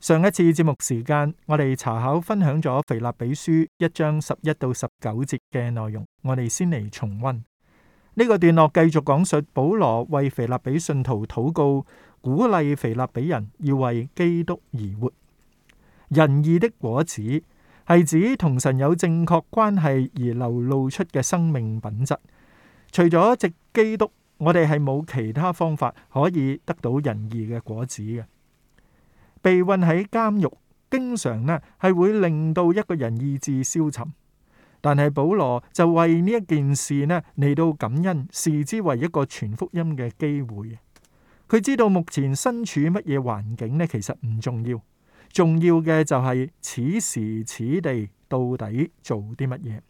上一次節目時間，我哋查考分享咗腓立比書一章十一到十九節嘅內容，我哋先嚟重溫呢、這個段落。繼續講述保羅為腓立比信徒禱告，鼓勵腓立比人要為基督而活。仁義的果子係指同神有正確關係而流露出嘅生命品質。除咗藉基督，我哋係冇其他方法可以得到仁義嘅果子嘅。被困喺監獄，經常呢係會令到一個人意志消沉。但係保羅就為呢一件事呢嚟到感恩，視之為一個傳福音嘅機會。佢知道目前身處乜嘢環境呢？其實唔重要，重要嘅就係此時此地到底做啲乜嘢。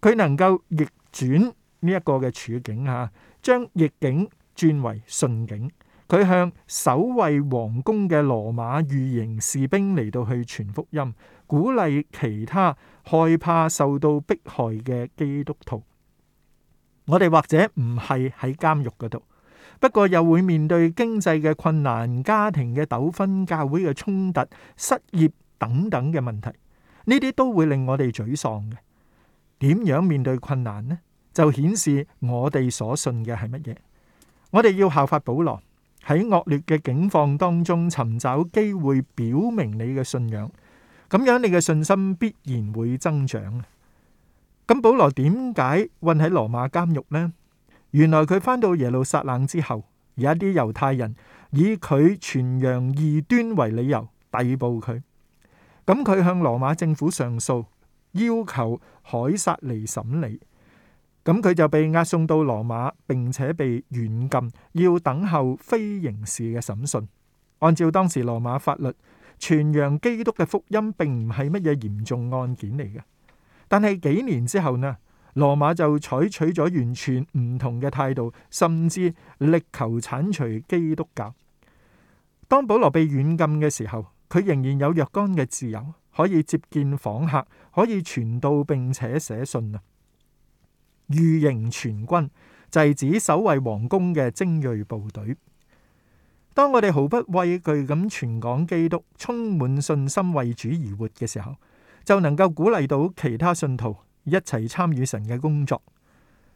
佢能夠逆轉呢一個嘅處境啊，將逆境轉為順境。佢向守衛皇宮嘅羅馬御營士兵嚟到去傳福音，鼓勵其他害怕受到迫害嘅基督徒。我哋或者唔係喺監獄嗰度，不過又會面對經濟嘅困難、家庭嘅糾紛、教會嘅衝突、失業等等嘅問題。呢啲都會令我哋沮喪嘅。點樣面對困難呢？就顯示我哋所信嘅係乜嘢？我哋要效法保羅。喺惡劣嘅境況當中尋找機會表明你嘅信仰，咁樣你嘅信心必然會增長。咁保羅點解困喺羅馬監獄呢？原來佢返到耶路撒冷之後，有一啲猶太人以佢傳揚異端為理由逮捕佢，咁佢向羅馬政府上訴，要求凱撒嚟審理。咁佢就被押送到羅馬，並且被軟禁，要等候非刑事嘅審訊。按照當時羅馬法律，傳揚基督嘅福音並唔係乜嘢嚴重案件嚟嘅。但係幾年之後呢，羅馬就採取咗完全唔同嘅態度，甚至力求鏟除基督教。當保羅被軟禁嘅時候，佢仍然有若干嘅自由，可以接見訪客，可以傳道，並且寫信啊。御營全軍就係指守衛皇宮嘅精銳部隊。當我哋毫不畏懼咁傳講基督，充滿信心為主而活嘅時候，就能夠鼓勵到其他信徒一齊參與神嘅工作。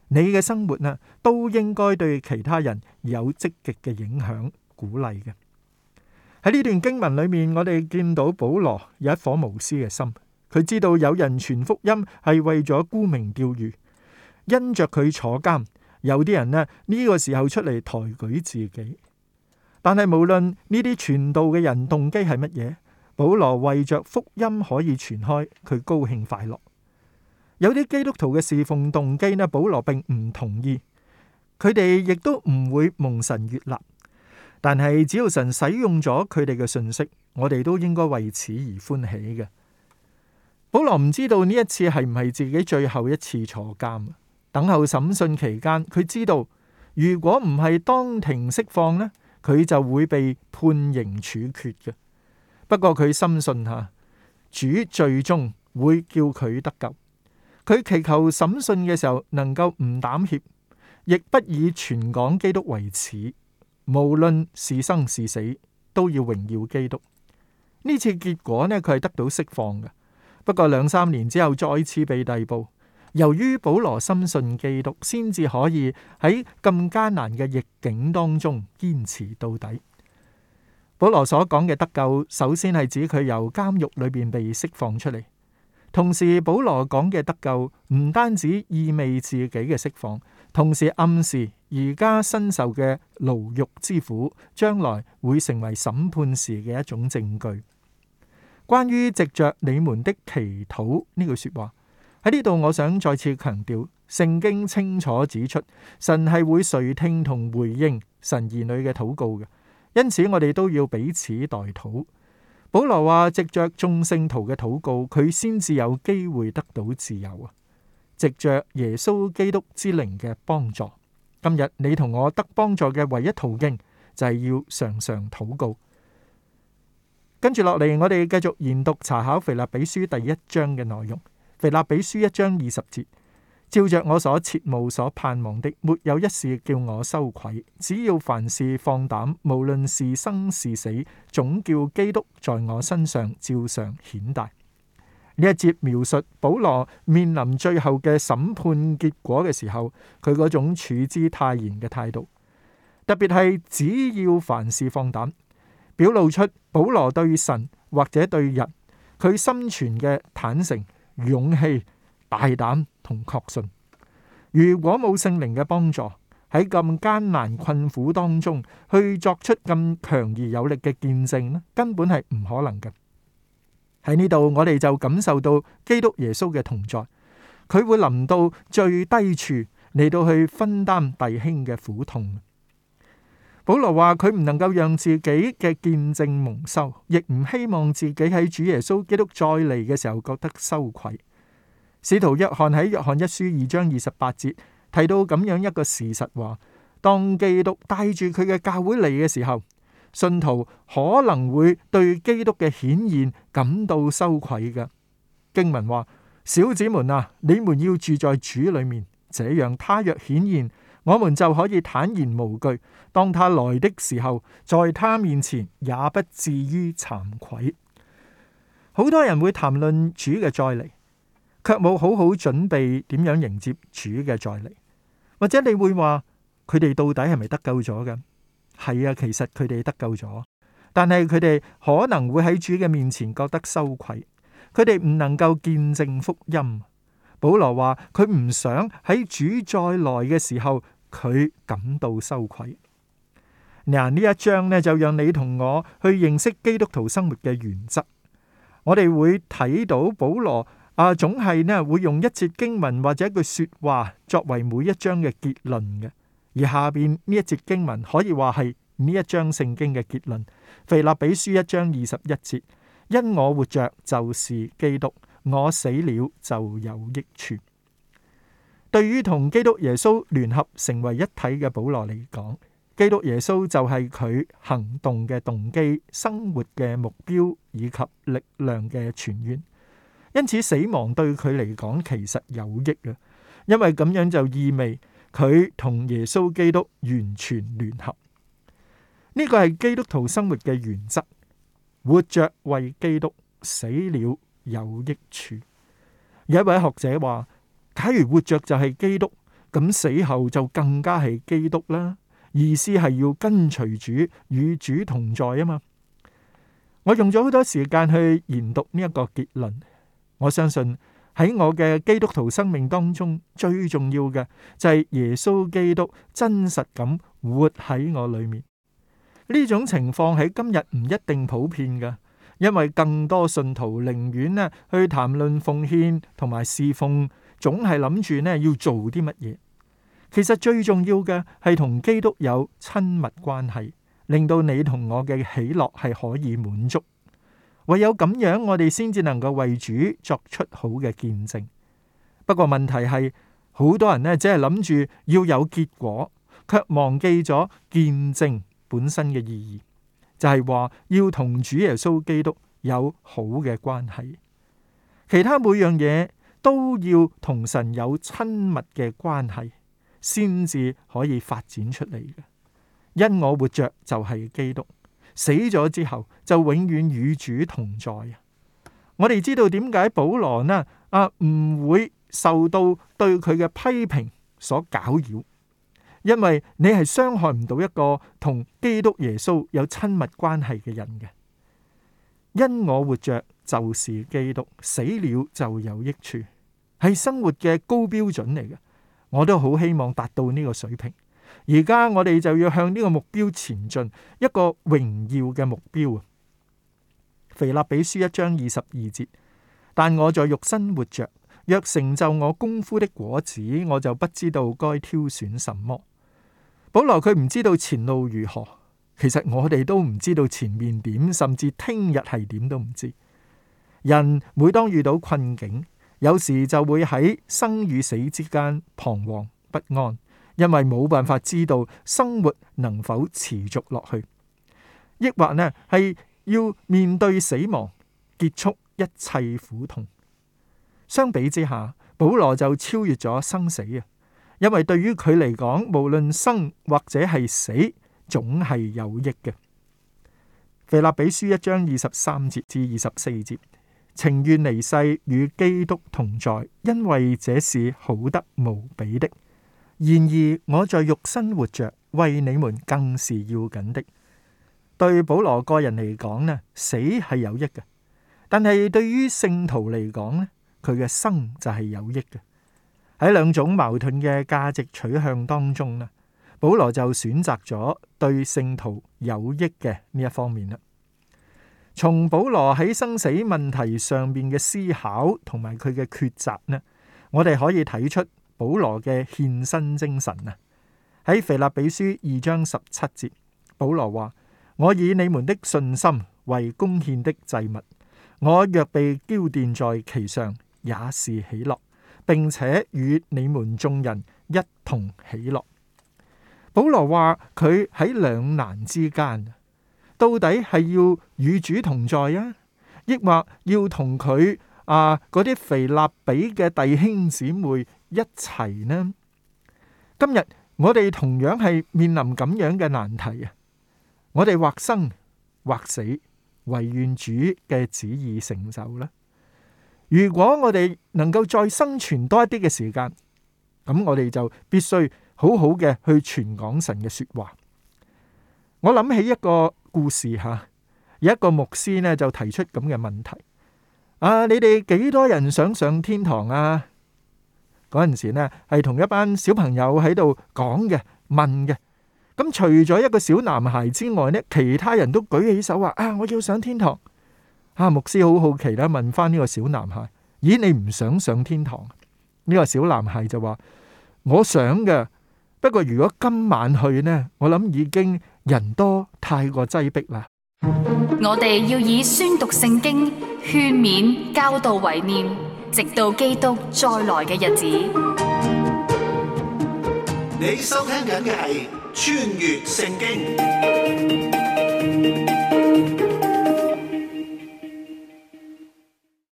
你嘅生活呢，都應該對其他人有積極嘅影響、鼓勵嘅。喺呢段經文裏面，我哋見到保羅有一顆無私嘅心，佢知道有人傳福音係為咗沽名釣譽。因着佢坐監，有啲人呢，呢個時候出嚟抬舉自己，但係無論呢啲傳道嘅人動機係乜嘢，保羅為着福音可以傳開，佢高興快樂。有啲基督徒嘅侍奉動機呢，保羅並唔同意，佢哋亦都唔會蒙神悅納。但係只要神使用咗佢哋嘅信息，我哋都應該為此而歡喜嘅。保羅唔知道呢一次係唔係自己最後一次坐監。等候審訊期間，佢知道如果唔係當庭釋放咧，佢就會被判刑處決嘅。不過佢深信吓主最終會叫佢得救。佢祈求審訊嘅時候能夠唔膽怯，亦不以全港基督為恥，無論是生是死都要榮耀基督。呢次結果呢，佢係得到釋放嘅。不過兩三年之後，再次被逮捕。由於保羅深信基督，先至可以喺咁艱難嘅逆境當中堅持到底。保羅所講嘅得救，首先係指佢由監獄裏邊被釋放出嚟。同時，保羅講嘅得救唔單止意味自己嘅釋放，同時暗示而家身受嘅牢獄之苦，將來會成為審判時嘅一種證據。關於藉着你們的祈禱呢句說話。喺呢度，我想再次強調，聖經清楚指出，神係會垂聽同回應神兒女嘅禱告嘅。因此，我哋都要彼此代禱。保羅話：藉著眾聖徒嘅禱告，佢先至有機會得到自由啊！藉著耶穌基督之靈嘅幫助。今日你同我得幫助嘅唯一途徑就係要常常禱告。跟住落嚟，我哋繼續研讀查考腓立比書第一章嘅內容。腓立比，比書一章二十節，照着我所切慕所盼望的，沒有一事叫我羞愧。只要凡事放膽，無論是生是死，總叫基督在我身上照常顯大。呢一節描述保羅面臨最後嘅審判結果嘅時候，佢嗰種處之泰然嘅態度，特別係只要凡事放膽，表露出保羅對神或者對人佢心存嘅坦誠。勇氣、大膽同確信。如果冇聖靈嘅幫助，喺咁艱難困苦當中去作出咁強而有力嘅見證咧，根本係唔可能嘅。喺呢度，我哋就感受到基督耶穌嘅同在，佢會臨到最低處嚟到去分擔弟兄嘅苦痛。保羅話佢唔能夠讓自己嘅見證蒙羞，亦唔希望自己喺主耶穌基督再嚟嘅時候覺得羞愧。使徒約翰喺約翰一書二章二十八節提到咁樣一個事實：話當基督帶住佢嘅教會嚟嘅時候，信徒可能會對基督嘅顯現感到羞愧嘅。經文話：小子們啊，你們要住在主裏面，這樣他若顯現，我們就可以坦然無懼，當他來的時候，在他面前也不至於慚愧。好多人會談論主嘅再嚟，卻冇好好準備點樣迎接主嘅再嚟，或者你會話佢哋到底係咪得救咗㗎？係啊，其實佢哋得救咗，但係佢哋可能會喺主嘅面前覺得羞愧，佢哋唔能夠見證福音。保羅話佢唔想喺主再嚟嘅時候，佢感到羞愧。嗱，呢一章咧就讓你同我去認識基督徒生活嘅原則。我哋會睇到保羅啊，總係咧會用一節經文或者一句說話作為每一章嘅結論嘅。而下邊呢一節經文可以話係呢一章聖經嘅結論。腓立比書一章二十一節：因我活着就是基督，我死了就有益處。對於同基督耶穌聯合成為一體嘅保羅嚟講，基督耶穌就係佢行動嘅動機、生活嘅目標以及力量嘅泉源。因此，死亡對佢嚟講其實有益啊，因為咁樣就意味佢同耶穌基督完全聯合。呢個係基督徒生活嘅原則：活着為基督，死了有益處。有一位學者話：假如活着就係基督，咁死後就更加係基督啦。意思係要跟隨主，與主同在啊嘛。我用咗好多時間去研讀呢一個結論。我相信喺我嘅基督徒生命當中最重要嘅就係耶穌基督真實咁活喺我裏面。呢種情況喺今日唔一定普遍噶，因為更多信徒寧願咧去談論奉獻同埋侍奉。總係諗住呢要做啲乜嘢，其實最重要嘅係同基督有親密關係，令到你同我嘅喜樂係可以滿足。唯有咁樣，我哋先至能夠為主作出好嘅見證。不過問題係，好多人呢只係諗住要有結果，卻忘記咗見證本身嘅意義，就係話要同主耶穌基督有好嘅關係。其他每樣嘢。都要同神有親密嘅關係，先至可以發展出嚟嘅。因我活着就係基督，死咗之後就永遠與主同在啊！我哋知道點解保羅呢啊唔會受到對佢嘅批評所攪擾，因為你係傷害唔到一個同基督耶穌有親密關係嘅人嘅。因我活着就是基督，死了就有益處。係生活嘅高標準嚟嘅，我都好希望達到呢個水平。而家我哋就要向呢個目標前進，一個榮耀嘅目標啊！腓立比書一章二十二節，但我在肉身活着，若成就我功夫的果子，我就不知道該挑選什麼。保羅佢唔知道前路如何，其實我哋都唔知道前面點，甚至聽日係點都唔知。人每當遇到困境。有時就會喺生與死之間彷徨不安，因為冇辦法知道生活能否持續落去，抑或呢係要面對死亡，結束一切苦痛。相比之下，保羅就超越咗生死啊，因為對於佢嚟講，無論生或者係死，總係有益嘅。腓立比書一章二十三節至二十四節。情願離世與基督同在，因為這是好得無比的。然而我在肉身活着，為你們更是要緊的。對保羅個人嚟講呢，死係有益嘅；但係對於聖徒嚟講呢，佢嘅生就係有益嘅。喺兩種矛盾嘅價值取向當中呢，保羅就選擇咗對聖徒有益嘅呢一方面啦。從保羅喺生死問題上面嘅思考同埋佢嘅抉擇呢，我哋可以睇出保羅嘅獻身精神啊！喺腓立比書二章十七節，保羅話：我以你們的信心為供獻的祭物，我若被澆奠在其上，也是喜樂，並且與你們眾人一同喜樂。保羅話佢喺兩難之間。到底係要與主同在啊，抑或要同佢啊嗰啲腓立比嘅弟兄姊妹一齊呢？今日我哋同樣係面臨咁樣嘅難題啊！我哋或生或死，唯願主嘅旨意成就啦。如果我哋能夠再生存多一啲嘅時間，咁我哋就必須好好嘅去傳講神嘅說話。我諗起一個。故事吓，有一個牧師咧，就提出咁嘅問題：，啊，你哋幾多人想上天堂啊？嗰陣時咧，係同一班小朋友喺度講嘅、問嘅。咁除咗一個小男孩之外，咧，其他人都舉起手話：，啊，我要上天堂！啊，牧師好好奇啦，問翻呢個小男孩：，咦，你唔想上天堂？呢個小男孩就話：，我想嘅，不過如果今晚去咧，我諗已經。人多太過擠迫啦！ 我哋要以宣讀聖經、勸勉、教導為念，直到基督再來嘅日子。你收聽緊嘅係《穿越聖經》。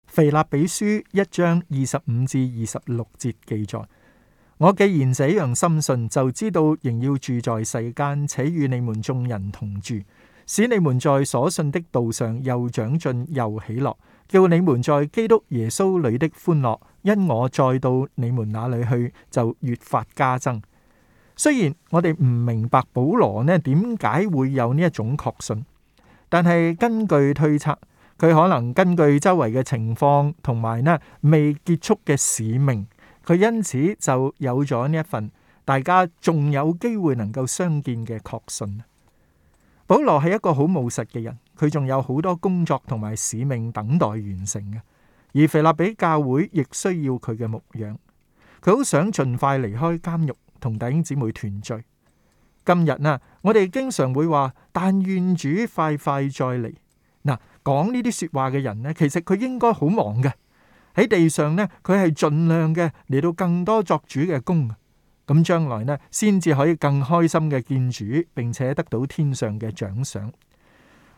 腓立比書一章二十五至二十六節記載。我既然這樣深信，就知道仍要住在世間，且與你們眾人同住，使你們在所信的道上又長進又喜樂，叫你們在基督耶穌裏的歡樂，因我再到你們那裏去，就越發加增。雖然我哋唔明白保羅呢點解會有呢一種確信，但係根據推測，佢可能根據周圍嘅情況，同埋呢未結束嘅使命。佢因此就有咗呢一份大家仲有機會能夠相見嘅確信。保羅係一個好務實嘅人，佢仲有好多工作同埋使命等待完成嘅，而腓立比教會亦需要佢嘅牧養。佢好想盡快離開監獄，同弟兄姊妹團聚。今日啊，我哋經常會話，但願主快快再嚟。嗱，講呢啲說話嘅人呢，其實佢應該好忙嘅。喺地上呢，佢係盡量嘅，嚟到更多作主嘅工，咁將來呢先至可以更開心嘅見主，並且得到天上嘅獎賞。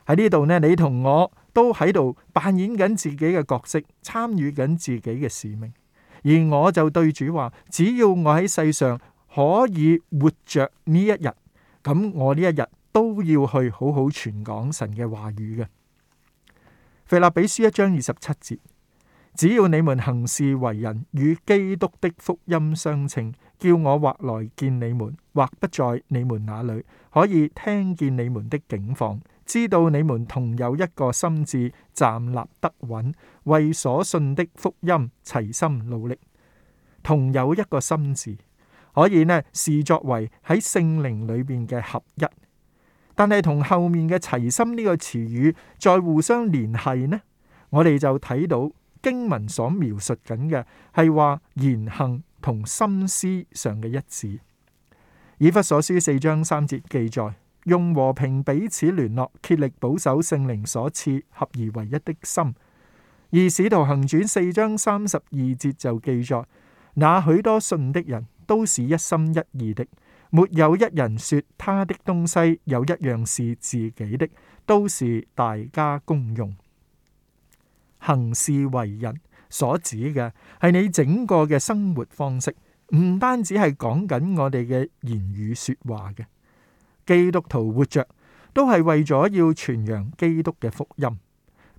喺呢度呢，你同我都喺度扮演緊自己嘅角色，參與緊自己嘅使命。而我就對主話：只要我喺世上可以活着呢一日，咁我呢一日都要去好好傳講神嘅話語嘅。腓立比書一章二十七節。只要你們行事為人與基督的福音相稱，叫我或來見你們，或不在你們那裡，可以聽見你們的景況，知道你們同有一個心志站立得穩，為所信的福音齊心努力，同有一個心志，可以呢視作為喺聖靈裡邊嘅合一。但係同後面嘅齊心呢個詞語再互相聯繫呢，我哋就睇到。經文所描述緊嘅係話言行同心思上嘅一致。以弗所書四章三節記載，用和平彼此聯絡，竭力保守聖靈所賜合而為一的心。而使徒行傳四章三十二節就記載，那許多信的人都是一心一意的，沒有一人說他的東西有一樣是自己的，都是大家公用。行事為人所指嘅係你整個嘅生活方式，唔單止係講緊我哋嘅言語說話嘅。基督徒活着都係為咗要傳揚基督嘅福音，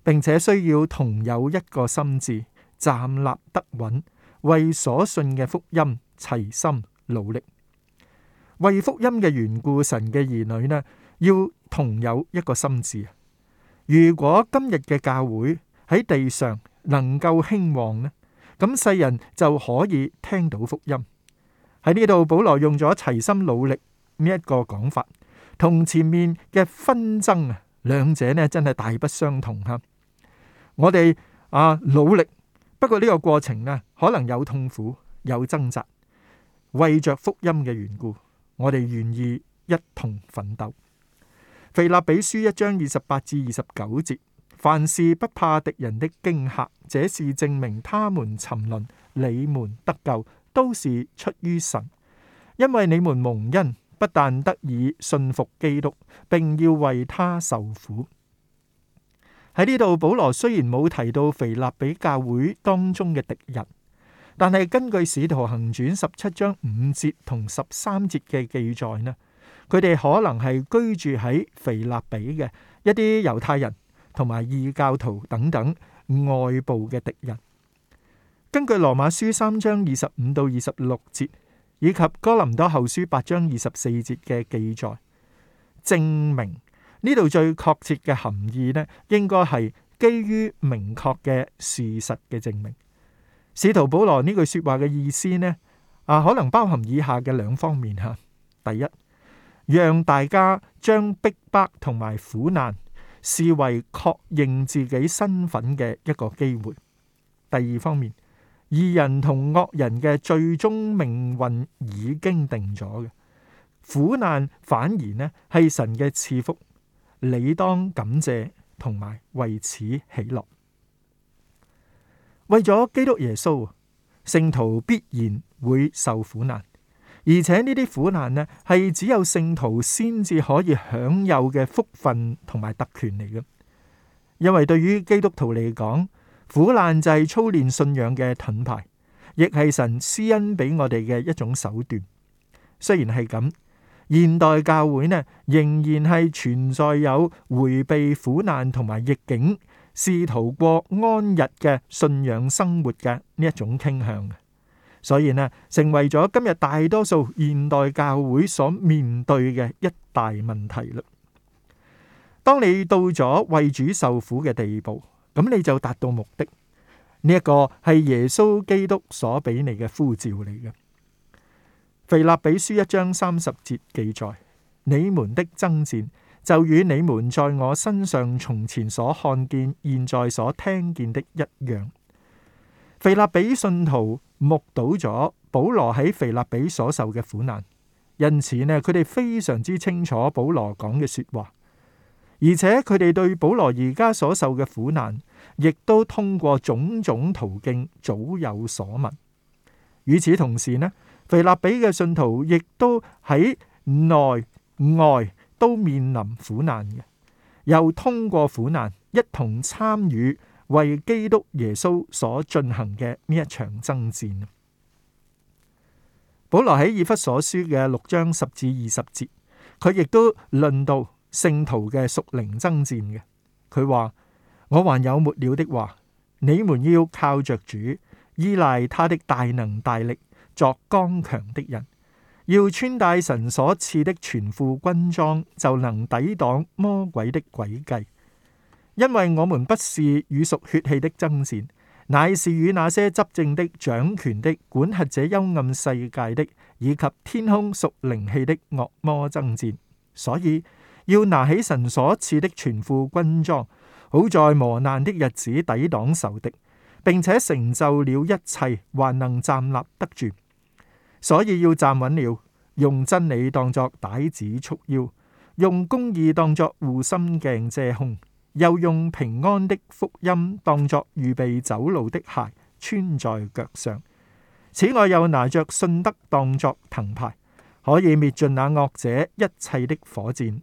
並且需要同有一個心智站立得穩，為所信嘅福音齊心努力。為福音嘅緣故，神嘅兒女呢要同有一個心智。如果今日嘅教會，喺地上能夠興旺呢，咁世人就可以聽到福音。喺呢度保羅用咗齊心努力呢一個講法，同前面嘅紛爭啊，兩者呢真係大不相同哈。我哋啊努力，不過呢個過程呢可能有痛苦、有掙扎，為着福音嘅緣故，我哋願意一同奮鬥。腓立比書一章二十八至二十九節。凡事不怕敵人的驚嚇，這是證明他們沉淪，你們得救都是出於神，因為你們蒙恩，不但得以信服基督，並要為他受苦。喺呢度，保羅雖然冇提到腓立比教會當中嘅敵人，但係根據《使徒行傳》十七章五節同十三節嘅記載呢，佢哋可能係居住喺腓立比嘅一啲猶太人。同埋異教徒等等外部嘅敵人，根據羅馬書三章二十五到二十六節以及哥林多後書八章二十四節嘅記載，證明呢度最確切嘅含義咧，應該係基於明確嘅事實嘅證明。使徒保羅呢句說話嘅意思呢，啊，可能包含以下嘅兩方面吓：第一，讓大家將逼迫同埋苦難。視為確認自己身份嘅一個機會。第二方面，義人同惡人嘅最終命運已經定咗嘅苦難，反而呢係神嘅賜福，理當感謝同埋為此喜樂。為咗基督耶穌，聖徒必然會受苦難。而且呢啲苦難呢，係只有聖徒先至可以享有嘅福分同埋特權嚟嘅。因為對於基督徒嚟講，苦難就係操練信仰嘅盾牌，亦係神施恩俾我哋嘅一種手段。雖然係咁，現代教會呢仍然係存在有回避苦難同埋逆境，試圖過安逸嘅信仰生活嘅呢一種傾向。所以呢，成為咗今日大多數現代教會所面對嘅一大問題啦。當你到咗為主受苦嘅地步，咁你就達到目的。呢、這、一個係耶穌基督所俾你嘅呼召嚟嘅。腓立比書一章三十節記載：你們的爭戰就與你們在我身上從前所看見、現在所聽見的一樣。腓立比信徒目睹咗保羅喺腓立比所受嘅苦難，因此呢，佢哋非常之清楚保羅講嘅說話，而且佢哋對保羅而家所受嘅苦難，亦都通過種種途徑早有所聞。與此同時呢，腓立比嘅信徒亦都喺內外都面臨苦難嘅，又通過苦難一同參與。為基督耶穌所進行嘅呢一場爭戰，保羅喺以弗所書嘅六章十至二十節，佢亦都論到聖徒嘅屬靈爭戰嘅。佢話：我還有末了的話，你們要靠着主，依賴他的大能大力，作剛強的人，要穿戴神所賜的全副軍裝，就能抵擋魔鬼的詭計。因為我們不是與屬血氣的爭戰，乃是與那些執政的、掌權的、管轄這幽暗世界的，以及天空屬靈氣的惡魔爭戰，所以要拿起神所賜的全副軍裝，好在磨難的日子抵擋仇敵，並且成就了一切，還能站立得住。所以要站穩了，用真理當作帶子束腰，用公義當作護心鏡遮胸。又用平安的福音當作預備走路的鞋穿在腳上，此外又拿着信德當作藤牌，可以滅盡那惡者一切的火箭，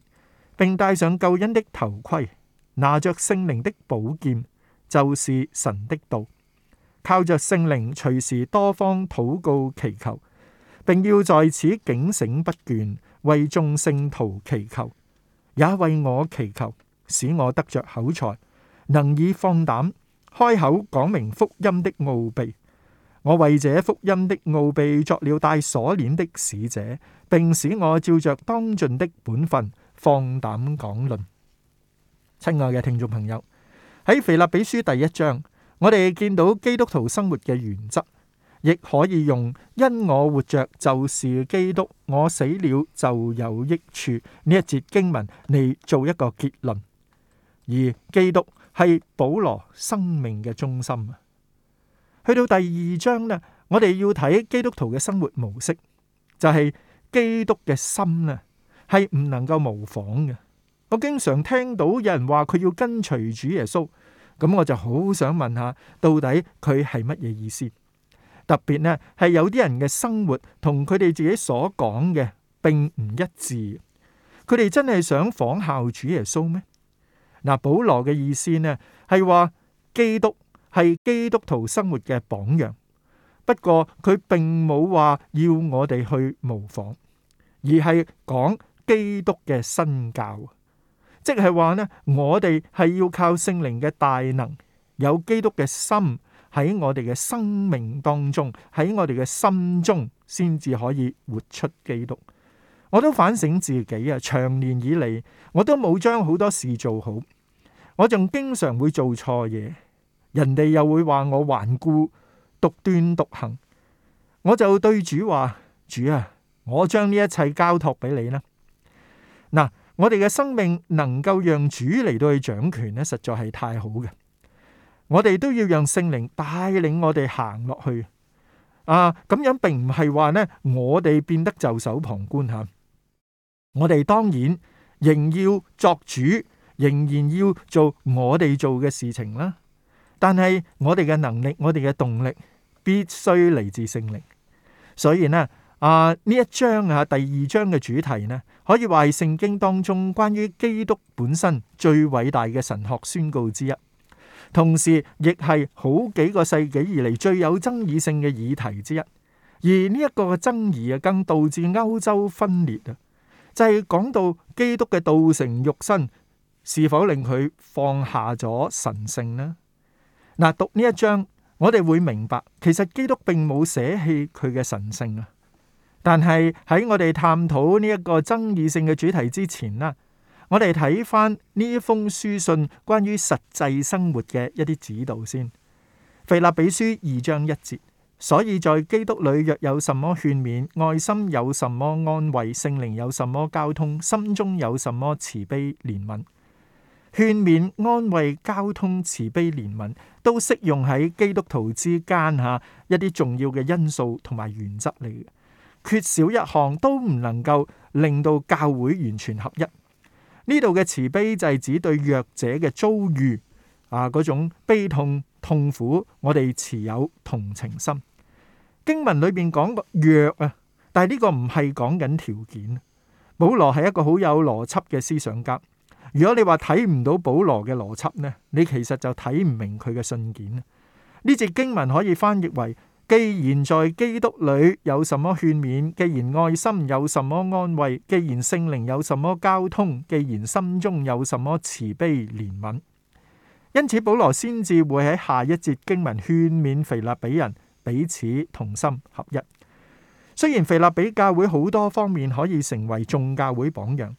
並戴上救恩的頭盔，拿着聖靈的寶劍，就是神的道，靠着聖靈隨時多方禱告祈求，並要在此警醒不倦，為眾聖徒祈求，也為我祈求。使我得着口才，能以放膽開口講明福音的奧秘。我為這福音的奧秘作了帶鎖鏈的使者，並使我照着當盡的本分放膽講論。親愛嘅聽眾朋友，喺腓立比書第一章，我哋見到基督徒生活嘅原則，亦可以用因我活着就是基督，我死了就有益處呢一節經文嚟做一個結論。而基督係保羅生命嘅中心啊！去到第二章呢，我哋要睇基督徒嘅生活模式，就係基督嘅心啊，係唔能夠模仿嘅。我經常聽到有人話佢要跟隨主耶穌，咁我就好想問下，到底佢係乜嘢意思？特別呢，係有啲人嘅生活同佢哋自己所講嘅並唔一致，佢哋真係想仿效主耶穌咩？嗱，保羅嘅意思呢，係話基督係基督徒生活嘅榜樣。不過佢並冇話要我哋去模仿，而係講基督嘅身教，即係話呢，我哋係要靠聖靈嘅大能，有基督嘅心喺我哋嘅生命當中，喺我哋嘅心中，先至可以活出基督。我都反省自己啊，長年以嚟我都冇將好多事做好，我仲經常會做錯嘢，人哋又會話我頑固獨斷獨行，我就對主話：主啊，我將呢一切交託俾你啦。嗱，我哋嘅生命能夠讓主嚟到去掌權呢，實在係太好嘅。我哋都要讓聖靈帶領我哋行落去啊！咁樣並唔係話呢，我哋變得袖手旁觀吓。我哋當然仍要作主，仍然要做我哋做嘅事情啦。但係我哋嘅能力，我哋嘅動力，必須嚟自聖靈。所以呢啊呢一章啊，第二章嘅主題呢，可以話係聖經當中關於基督本身最偉大嘅神學宣告之一，同時亦係好幾個世紀以嚟最有爭議性嘅議題之一。而呢一個爭議啊，更導致歐洲分裂啊。就係講到基督嘅道成肉身是否令佢放下咗神性呢？嗱，讀呢一章，我哋會明白，其實基督並冇捨棄佢嘅神性啊。但係喺我哋探討呢一個爭議性嘅主題之前呢，我哋睇翻呢一封書信關於實際生活嘅一啲指導先。腓立比書二章一節。所以在基督裡若有什麼勸勉、愛心有什麼安慰、聖靈有什麼交通、心中有什麼慈悲憐憫，勸勉、安慰、交通、慈悲憐憫都適用喺基督徒之間吓一啲重要嘅因素同埋原則嚟嘅，缺少一項都唔能夠令到教會完全合一。呢度嘅慈悲就係指對弱者嘅遭遇，啊，嗰種悲痛痛苦，我哋持有同情心。經文裏邊講個弱啊，但係呢個唔係講緊條件。保羅係一個好有邏輯嘅思想家。如果你話睇唔到保羅嘅邏輯呢，你其實就睇唔明佢嘅信件。呢節經文可以翻譯為：既然在基督裏有什麼勸勉，既然愛心有什麼安慰，既然聖靈有什麼交通，既然心中有什麼慈悲憐憫，因此保羅先至會喺下一節經文勸勉腓立比人。彼此同心合一。雖然腓立比教會好多方面可以成為眾教會榜樣，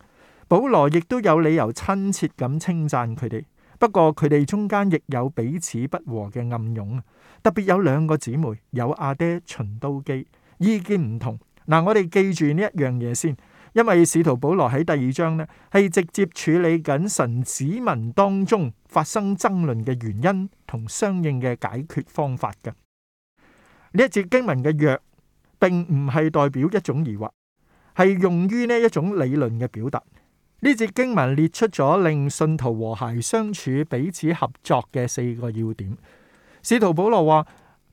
保羅亦都有理由親切咁稱讚佢哋。不過佢哋中間亦有彼此不和嘅暗湧，特別有兩個姊妹，有阿爹秦都基，意見唔同。嗱，我哋記住呢一樣嘢先，因為使徒保羅喺第二章呢係直接處理緊神子民當中發生爭論嘅原因同相應嘅解決方法嘅。呢一節經文嘅若，並唔係代表一種疑惑，係用於呢一種理論嘅表達。呢節經文列出咗令信徒和諧相處、彼此合作嘅四個要點。使徒保羅話：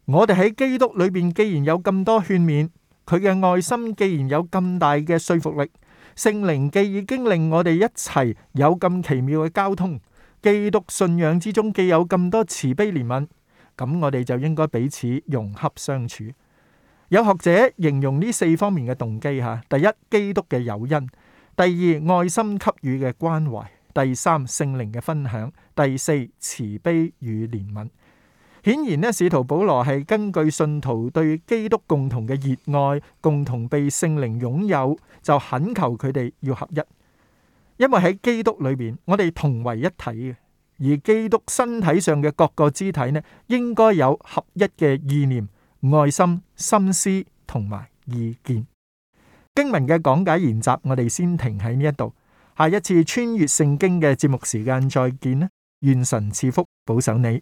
我哋喺基督裏邊既然有咁多勸勉，佢嘅愛心既然有咁大嘅說服力，聖靈既已經令我哋一齊有咁奇妙嘅交通，基督信仰之中既有咁多慈悲憐憫。咁我哋就應該彼此融洽相處。有學者形容呢四方面嘅動機吓：第一，基督嘅友恩；第二，愛心給予嘅關懷；第三，聖靈嘅分享；第四，慈悲與憐憫。顯然呢，使徒保羅係根據信徒對基督共同嘅熱愛、共同被聖靈擁有，就懇求佢哋要合一。因為喺基督裏邊，我哋同為一體嘅。而基督身體上嘅各個肢體呢，應該有合一嘅意念、愛心、心思同埋意見。經文嘅講解研習，我哋先停喺呢一度。下一次穿越聖經嘅節目時間再見啦！願神賜福保守你。